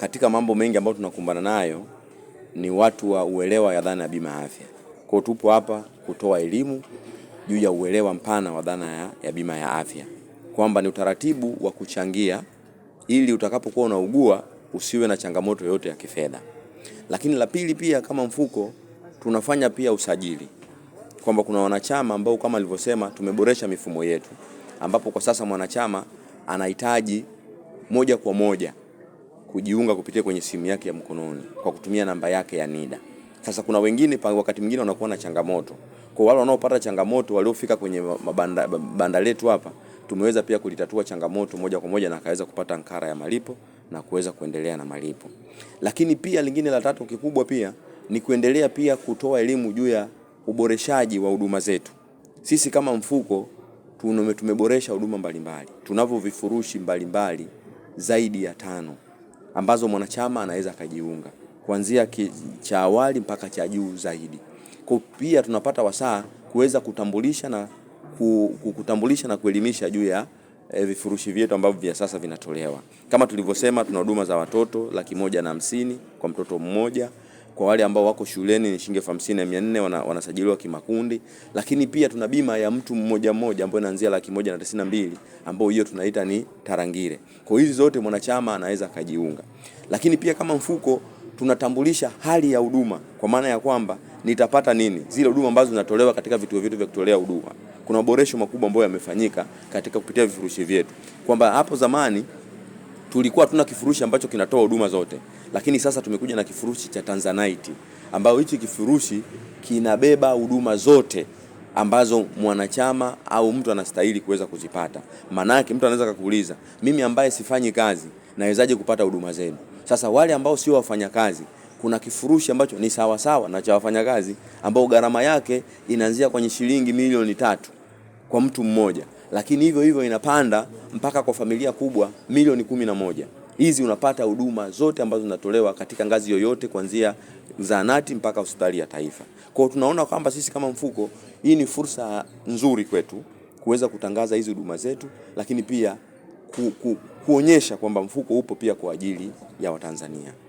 Katika mambo mengi ambayo tunakumbana nayo ni watu wa uelewa ya dhana ya bima ya afya. Kwa tupo hapa kutoa elimu juu ya uelewa mpana wa dhana ya, ya bima ya afya kwamba ni utaratibu wa kuchangia ili utakapokuwa unaugua usiwe na changamoto yoyote ya kifedha. Lakini la pili pia, kama mfuko tunafanya pia usajili kwamba kuna wanachama ambao kama alivyosema tumeboresha mifumo yetu, ambapo kwa sasa mwanachama anahitaji moja kwa moja kujiunga kupitia kwenye simu yake ya mkononi kwa kutumia namba yake ya NIDA. Sasa kuna wengine pa, wakati mwingine wanakuwa na changamoto. Kwa wale wanaopata changamoto waliofika kwenye mabanda, banda letu hapa tumeweza pia kulitatua changamoto moja kwa moja na akaweza kupata ankara ya malipo na kuweza kuendelea na malipo. Lakini pia lingine la tatu kikubwa pia ni kuendelea pia kutoa elimu juu ya uboreshaji wa huduma zetu. Sisi kama mfuko tume, tumeboresha huduma mbalimbali. Tunavyo vifurushi mbalimbali zaidi ya tano ambazo mwanachama anaweza akajiunga kuanzia cha awali mpaka cha juu zaidi. Kwa pia tunapata wasaa kuweza kutambulisha na kutambulisha na kuelimisha juu ya e, vifurushi vyetu ambavyo vya sasa vinatolewa. Kama tulivyosema, tuna huduma za watoto laki moja na hamsini kwa mtoto mmoja kwa wale ambao wako shuleni ni shilingi elfu hamsini na mia nne wanasajiliwa kimakundi, lakini pia tuna bima ya mtu mmoja mmoja ambayo inaanzia laki moja na tisini na mbili ambayo hiyo tunaita ni tarangire. Kwa hizi zote mwanachama anaweza akajiunga, lakini pia kama mfuko tunatambulisha hali ya huduma kwa maana ya kwamba nitapata nini zile huduma ambazo zinatolewa katika vituo vyetu vya kutolea huduma. Kuna maboresho makubwa ambayo yamefanyika katika kupitia vifurushi vyetu, kwamba hapo zamani tulikuwa tuna kifurushi ambacho kinatoa huduma zote, lakini sasa tumekuja na kifurushi cha Tanzanite ambayo hichi kifurushi kinabeba huduma zote ambazo mwanachama au mtu anastahili kuweza kuzipata. yake mtu anaweza kukuuliza, mimi ambaye sifanyi kazi nawezaje kupata huduma zenu? Sasa wale ambao sio wafanyakazi kuna kifurushi ambacho ni sawasawa na cha wafanyakazi ambao gharama yake inaanzia kwenye shilingi milioni tatu kwa mtu mmoja lakini hivyo hivyo inapanda mpaka kwa familia kubwa milioni kumi na moja. Hizi unapata huduma zote ambazo zinatolewa katika ngazi yoyote kuanzia zahanati mpaka hospitali ya taifa. Kwa hiyo tunaona kwamba sisi kama mfuko, hii ni fursa nzuri kwetu kuweza kutangaza hizi huduma zetu, lakini pia ku, ku, kuonyesha kwamba mfuko upo pia kwa ajili ya Watanzania.